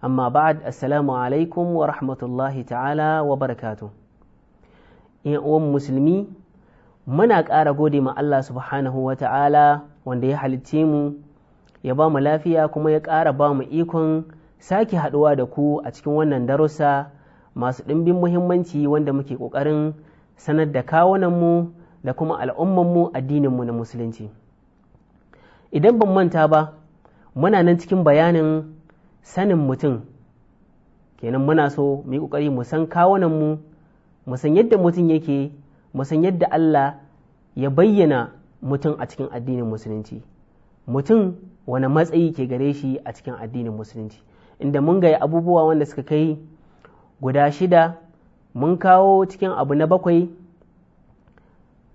amma ba'ad assalamu alaikum wa rahmatullahi ta'ala wa barakatu uwan musulmi muna ƙara gode ma Allah subhanahu wa ta'ala wanda ya halicce mu ya ba mu lafiya kuma ya ƙara ba mu ikon sake haɗuwa da ku a cikin wannan darussa masu ɗimbin muhimmanci wanda muke ƙoƙarin sanar da mu da kuma addinin mu na musulunci idan ban manta ba muna nan cikin bayanin sanin mutum kenan muna so mu yi ƙoƙari mu san kawunan mu mu san yadda mutum yake mu san yadda Allah ya bayyana mutum a cikin addinin musulunci mutum wani matsayi ke gare shi a cikin addinin musulunci inda mun gaya abubuwa wanda suka kai guda shida mun kawo cikin abu na bakwai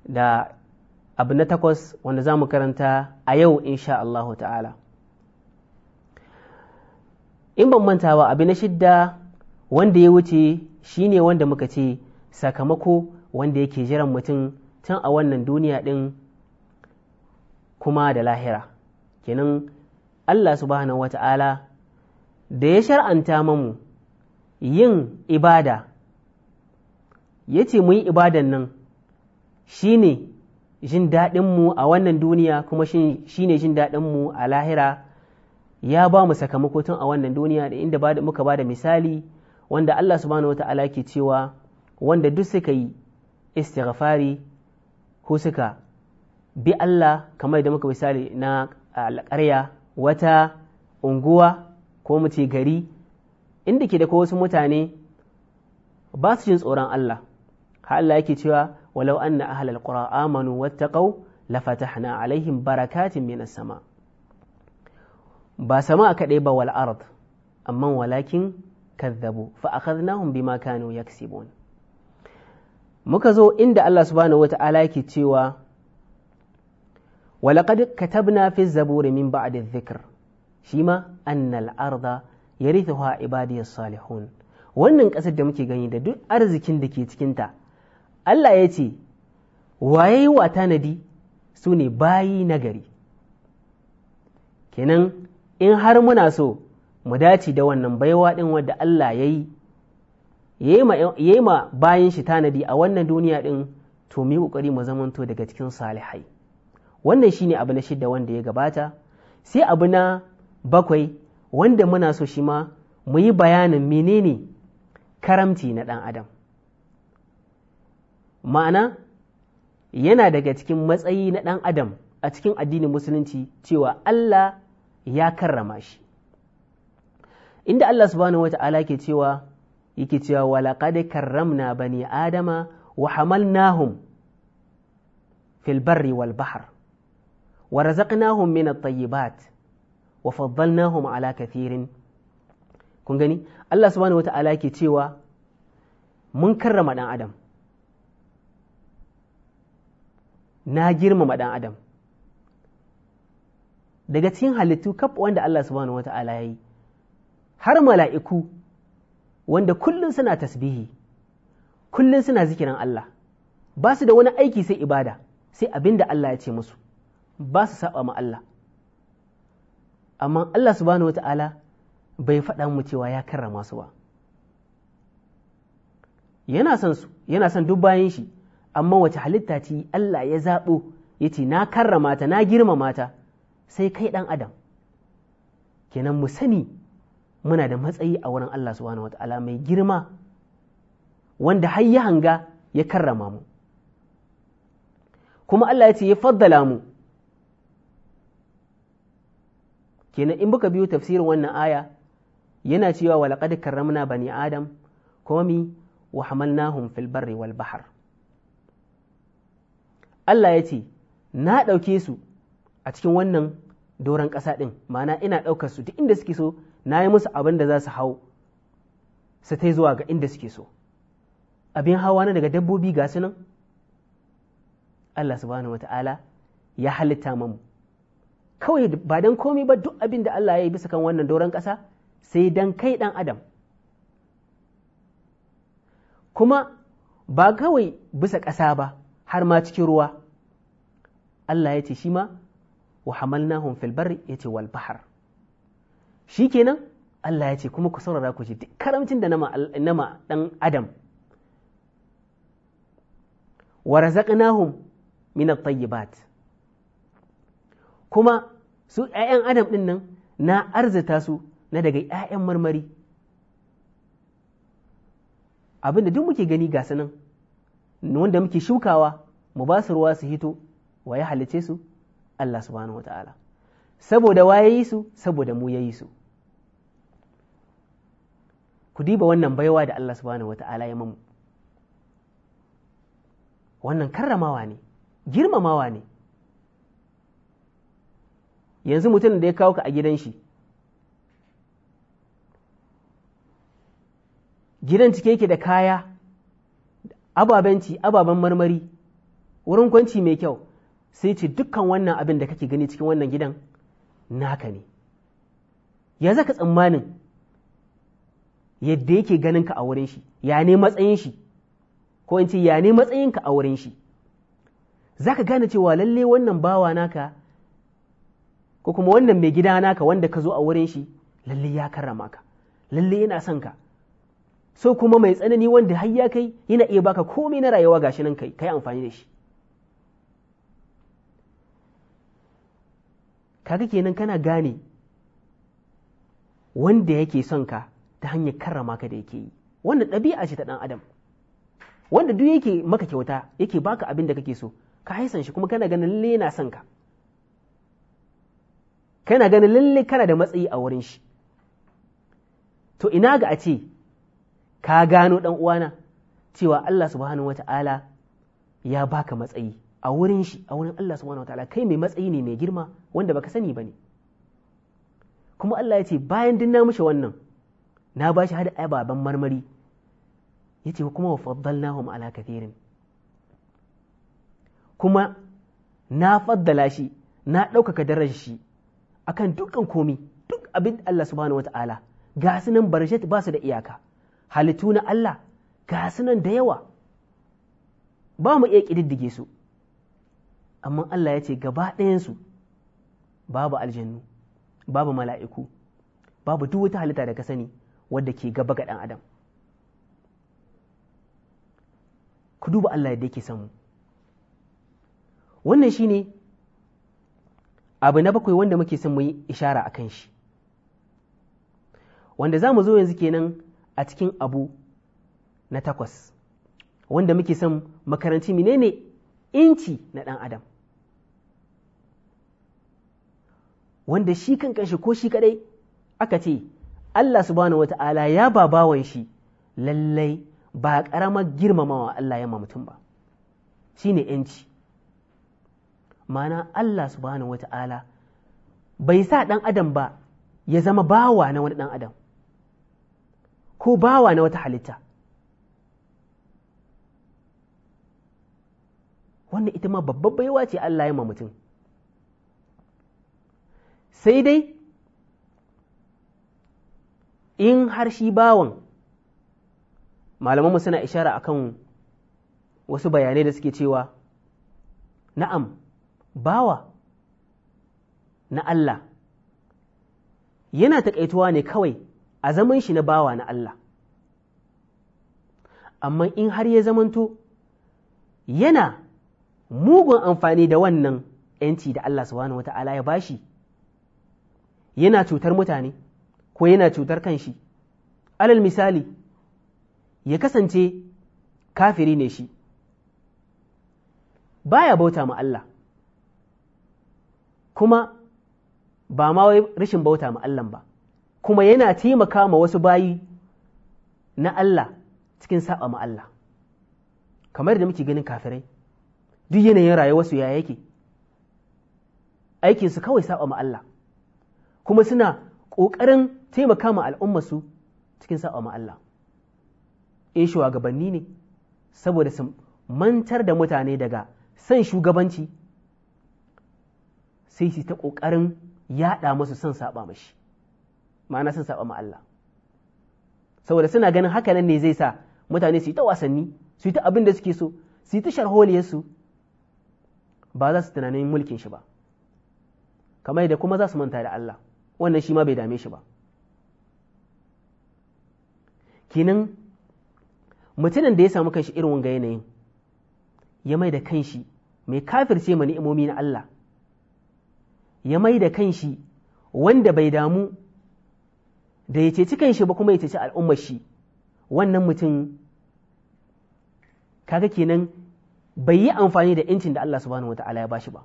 da abu na takwas wanda za mu karanta a yau insha Allah ta'ala in ban manta ba abu na shidda wanda ya wuce shine wanda muka ce sakamako wanda yake jiran mutum tun a wannan duniya ɗin kuma da lahira kenan Allah subhanahu wata'ala da ya shar'anta mamu yin ibada ya ce mu yi ibadan nan shi ne jin daɗinmu a wannan duniya kuma shine ne jin daɗinmu a lahira ya ba mu sakamako tun a wannan duniya da inda muka ba da misali wanda Allah subhanahu ta'ala ke cewa wanda duk suka yi istighfari ko suka bi Allah kamar da muka misali na alƙarya wata unguwa ko mu ce gari inda ke da ko wasu mutane ba su jin tsoron Allah ha Allah yake cewa walau anna ahlal qura amanu wattaqau lafatahna alaihim barakatin minas sama' ba sama kaɗai ba wal ard amma walakin kazzabu fa akhadnahum bima kanu yaksibun muka zo inda Allah subhanahu wata'ala yake cewa walaqad katabna fi zaburi min ba'di dhikr shi ma annal arda yarithuha ibadiyas salihun wannan ƙasar da muke gani da duk arzikin da ke cikinta Allah ya ce waye wa tanadi su ne bayi nagari kenan in har muna so mu dace da wannan baiwa ɗin wadda Allah ya yi yi ma bayan shi tanadi a wannan duniya ɗin to mu yi ƙoƙari mu zamanto daga cikin salihai wannan shi ne abu na shidda wanda ya gabata sai abu na bakwai wanda muna so shi ma mu yi bayanin menene karamci na ɗan adam ma'ana yana daga cikin matsayi na ɗan adam a cikin addinin musulunci cewa Allah ya karrama shi inda Allah subhanahu wata'ala ke cewa yake cewa walaƙade karramna bani adama wa hamalnahum fil barri wal bahar wa razaqnahum min at-tayyibat wa faddalnahum ala kathirin kun gani Allah subhanahu wata'ala ke cewa mun karrama dan adam na girmama dan adam daga cikin halittu kaf wanda Allah subhanahu wata'ala ya yi har mala'iku wanda kullum suna tasbihi kullum suna zikiran Allah ba su da wani aiki sai ibada sai abin da Allah ya ce musu ba su saba ma Allah amma Allah subhanahu wata'ala bai faɗa mu cewa ya karrama su ba yana son su yana son duk bayan shi amma wace halitta ce Allah ya zaɓo ya ce na karrama ta na girmama ta sai kai ɗan adam kenan mu sani muna da matsayi a wurin Allah subhanahu wata'ala mai girma wanda har ya hanga ya karrama mu kuma Allah ya ce ya faddala mu kenan in buka biyo tafsirin wannan aya yana cewa wa laqad karramna bani adam kuma mi wa hamalnahum fil barri wal bahr Allah ya ce na ɗauke su a cikin wannan doron ƙasa ɗin ma'ana ina ɗaukar su duk inda suke so na yi musu abin da za su hau su ta zuwa ga inda suke so abin hawa na daga dabbobi ga su nan Allah subhanahu ta'ala ya halitta mamu kawai ba don komi ba duk abin da Allah ya yi bisa kan wannan doron ƙasa sai dan kai ɗan adam kuma ba kawai bisa ƙasa ba har ma cikin ruwa Allah ya ce shi ma wa hamalnahum fil barri yace wal bahar kenan Allah ya ce kuma ku saurara ku ji karamcin da nama dan adam wa razaqnahum min at-tayyibat kuma su ‘ya'yan adam ɗin nan na arzita su na daga ‘ya'yan marmari abinda duk muke gani ga nan wanda muke shukawa mu basu ruwa su hito wa ya halice su Allah subhanahu wata'ala saboda wa yi su saboda mu ya yi su ku diba wannan baiwa da Allah subhanahu wata'ala ya mamu wannan karramawa ne girmamawa ne yanzu mutum da ya kawo ka a gidan shi gidan cike yake da kaya ababenci ababen marmari wurin kwanci mai kyau sai ce dukkan wannan abin da kake gani cikin wannan gidan naka ne ya zaka tsammanin yadda yake ganin ka a wurin shi ya ne matsayin shi ko in ce ya ne matsayin ka a wurin shi Za ka gane cewa lalle wannan bawa naka ko kuma wannan mai gida naka wanda ka zo a wurin shi lalle ya karrama ka lalle yana son ka so kuma mai tsanani wanda har ya kai yana iya baka komai na rayuwa gashi nan kai kai amfani da shi kaga kenan kana gane wanda yake son ka ta hanyar karrama ka da yake yi wannan ɗabi'a ce ta ɗan adam wanda duk yake maka kyauta yake baka abin da kake so ka haisan shi kuma kana ganin lalle yana son ka kana ganin lalle kana da matsayi a wurin shi to ina ga a ce ka gano ɗan uwana cewa Allah subhanahu wata'ala ya baka matsayi a wurin shi a wurin Allah subhanahu wata'ala kai mai matsayi ne mai girma wanda baka sani bane kuma Allah ya ce bayan din na mishi wannan na ba shi hada ababen marmari ya ce kuma wa faddalnahum ala kathirin kuma na faddala shi na ɗaukaka darajar shi akan dukkan komi duk abin Allah subhanahu wata'ala ga su nan barshet ba da iyaka halittu na Allah ga su nan da yawa ba mu iya ƙididdige su amma Allah yace ce gaba ɗayansu babu aljannu babu mala'iku babu duk wata halitta da ka sani wadda ke gaba ga ɗan adam ku duba Allah yadda yake mu wannan shine abu na bakwai wanda muke son mu yi ishara a kan shi wanda za mu zo yanzu kenan a cikin abu na takwas wanda muke son makaranci menene inci na ɗan adam wanda shi kan kanshi ko shi kadai aka ce Allah subhanahu wata'ala ya ba bawan shi lallai ba karamar girmamawa Allah ya ma mutum ba shine yanci mana Allah subhanahu wata'ala bai sa ɗan adam ba ya zama bawa na wani ɗan adam ko bawa na wata halitta wannan ita ma babbar baiwa ce Allah ya ma mutum sai dai in har shi bawan malamanmu suna ishara kan wasu bayanai da suke cewa na'am bawa na Allah yana taƙaituwa ne kawai a zaman shi na bawa na Allah amma in har ya zamanto yana mugun amfani da wannan ‘yanci da Allah subhanahu ta’ala ya bashi yana cutar mutane ko yana cutar kanshi alal misali ya kasance kafiri ne shi baya bauta ma Allah kuma ba ma wai rashin bauta ma Allah ba kuma yana taimaka ma wasu bayi na Allah cikin saba ma Allah kamar da muke ganin kafirai duk yanayin rayuwarsu ya yake su kawai saba ma Allah kuma suna ƙoƙarin taimaka ma su cikin sa'a ma Allah in eh, shugabanni ne saboda su mantar da mutane daga san shugabanci sai su ta ƙoƙarin yaɗa musu son saɓa mashi ma'ana son saɓa ma Allah saboda suna ganin haka nan ne zai sa mutane su yi ta wasanni su yi ta abin da suke so su yi ta sharholiyarsu ba za su tunanin mulkin shi ba kamar da kuma za su manta da Allah wannan shi ma bai dame shi ba Kinan mutumin da ya samu kanshi irin wanga yanayin ya mai da kanshi mai kafirce ma ni'imomi na Allah ya mai da kanshi wanda bai damu da ya ceci kanshi ba kuma ya ceci al'ummar shi wannan mutum kaga kenan bai yi amfani da incin da Allah subhanahu ta'ala ya bashi ba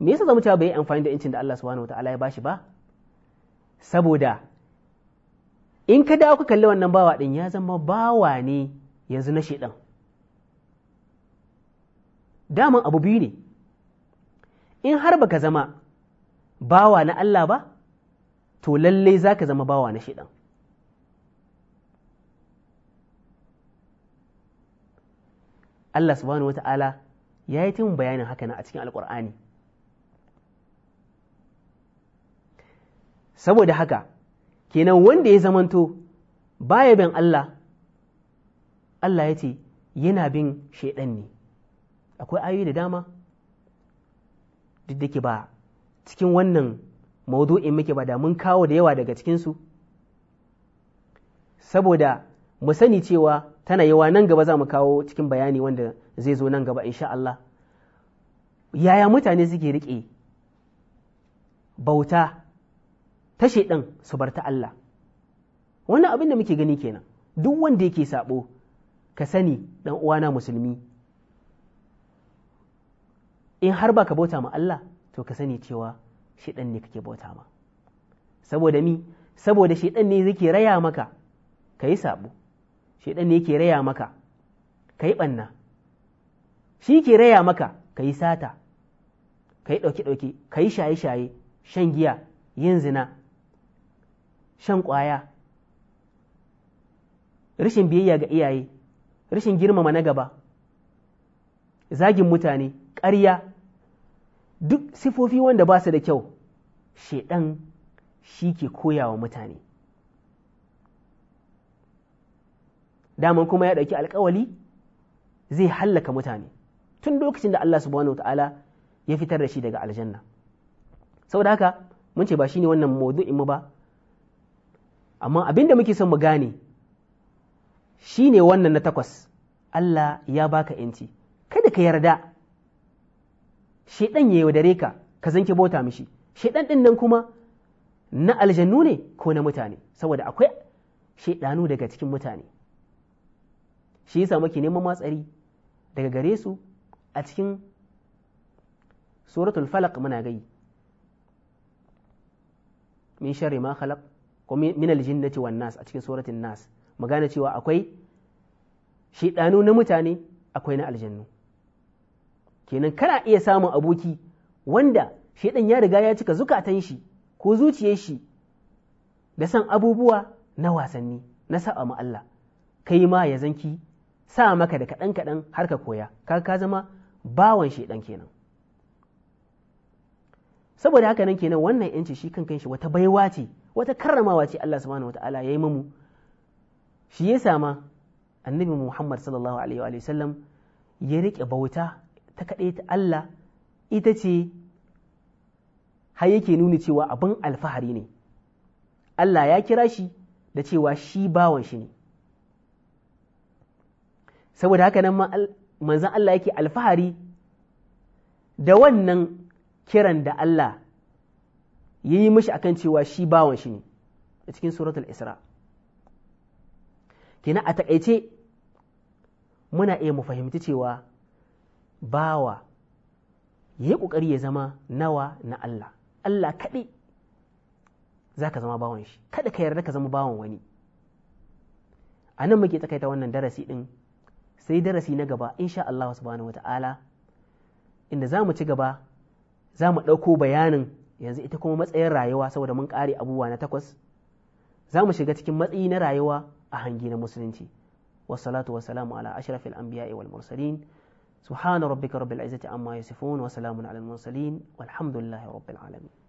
me yasa zamu cewa bai yi amfani da incin da Allah subhanahu ta'ala ya bashi ba saboda in ka dawo ka kalli wannan bawa ɗin ya zama bawa ne yanzu na shaidan daman abu biyu ne in har baka zama bawa na Allah ba to lallai za ka zama bawa na shaidan Allah subhanahu wa ta'ala ya yi ta bayanin haka na a cikin alƙur'ani saboda haka kenan wanda ya zamanto baya bin Allah Allah ya ce yana bin shaidan ne akwai ayoyi da dama duk da ke ba cikin wannan maudu'in muke ba da mun kawo da yawa daga cikinsu saboda mu sani cewa tana yawa nan gaba za mu kawo cikin bayani wanda zai zo nan gaba insha Allah yaya mutane suke riƙe bauta Tashe ɗin su bar ta Allah wannan abin da muke gani kenan duk wanda yake saɓo ka sani ɗan uwana musulmi in har ba ka bauta ma Allah to ka sani cewa ɗan ne kake bauta ma saboda mi saboda ɗan ne zai raya maka ka yi shi ɗan ne yake raya maka ka yi ɓanna shi ke raya maka ka yi sata ka yi ɗauke-ɗauke ka yi shaye-shaye shan giya yin zina shan ƙwaya rashin biyayya ga iyaye rashin girmama na gaba zagin mutane ƙarya duk sifofi wanda ba su da kyau shaiɗan shi ke koyawa mutane daman kuma ya ɗauki alkawali zai hallaka mutane tun lokacin da Allah subhanahu ta'ala ya fitar da shi daga aljanna Sau da haka mun ce ba shi ne wannan maudu'in mu ba amma abin da muke son mu gane shi ne wannan na takwas Allah ya baka ‘yanci kada ka yarda shaidan ya yaudare ka ka zanke bauta mishi shaidan ɗin nan kuma na aljannu ne ko na mutane saboda akwai shaidanu daga cikin mutane shi yasa muke neman matsari daga gare su a cikin suratul falak muna gai min shari ma khalaq min minal wan nas a cikin suratin nas magana cewa akwai shaidanu na mutane akwai na aljannu kenan kana iya samun aboki wanda shaidan ya riga ya cika zukatan shi ko zuciyar shi da san abubuwa na wasanni na sa'a ma Allah kai ma ya zanki sa maka da kaɗan kaɗan har ka koya ka ka zama bawan shaidan kenan saboda haka nan kenan wannan yanci shi kan kanshi wata baiwa ce wata karramawa ce Allah subhanahu wataala yi mamu shi ya sama annabi Muhammad sallallahu alaihi wa sallam ya riƙe bauta ta kaɗai ta Allah ita ce har yake nuni cewa abin alfahari ne Allah ya kira shi da cewa shi bawan shi ne saboda haka nan manzan Allah yake alfahari da wannan kiran da Allah yi mishi akan cewa shi bawan shi ne a cikin suratul isra kenan a takaice muna iya mu fahimci cewa bawa yi ƙoƙari ya zama nawa na Allah Allah kaɗai za ka zama bawan shi kada ka yarda ka zama bawan wani a nan muke tsakaita wannan darasi ɗin sai darasi na gaba insha Allah subhanahu wata'ala inda za mu ci gaba za mu ɗauko bayanin yanzu ita kuma matsayin rayuwa saboda mun ƙare abubuwa na takwas za mu shiga cikin matsayi na rayuwa a hangi na musulunci wasalatu wasalamu ala ashrafil anbiya'i wal mursalin subhana rabbika rabbil izzati amma yasifun wa salamun alal mursalin walhamdulillahi rabbil alamin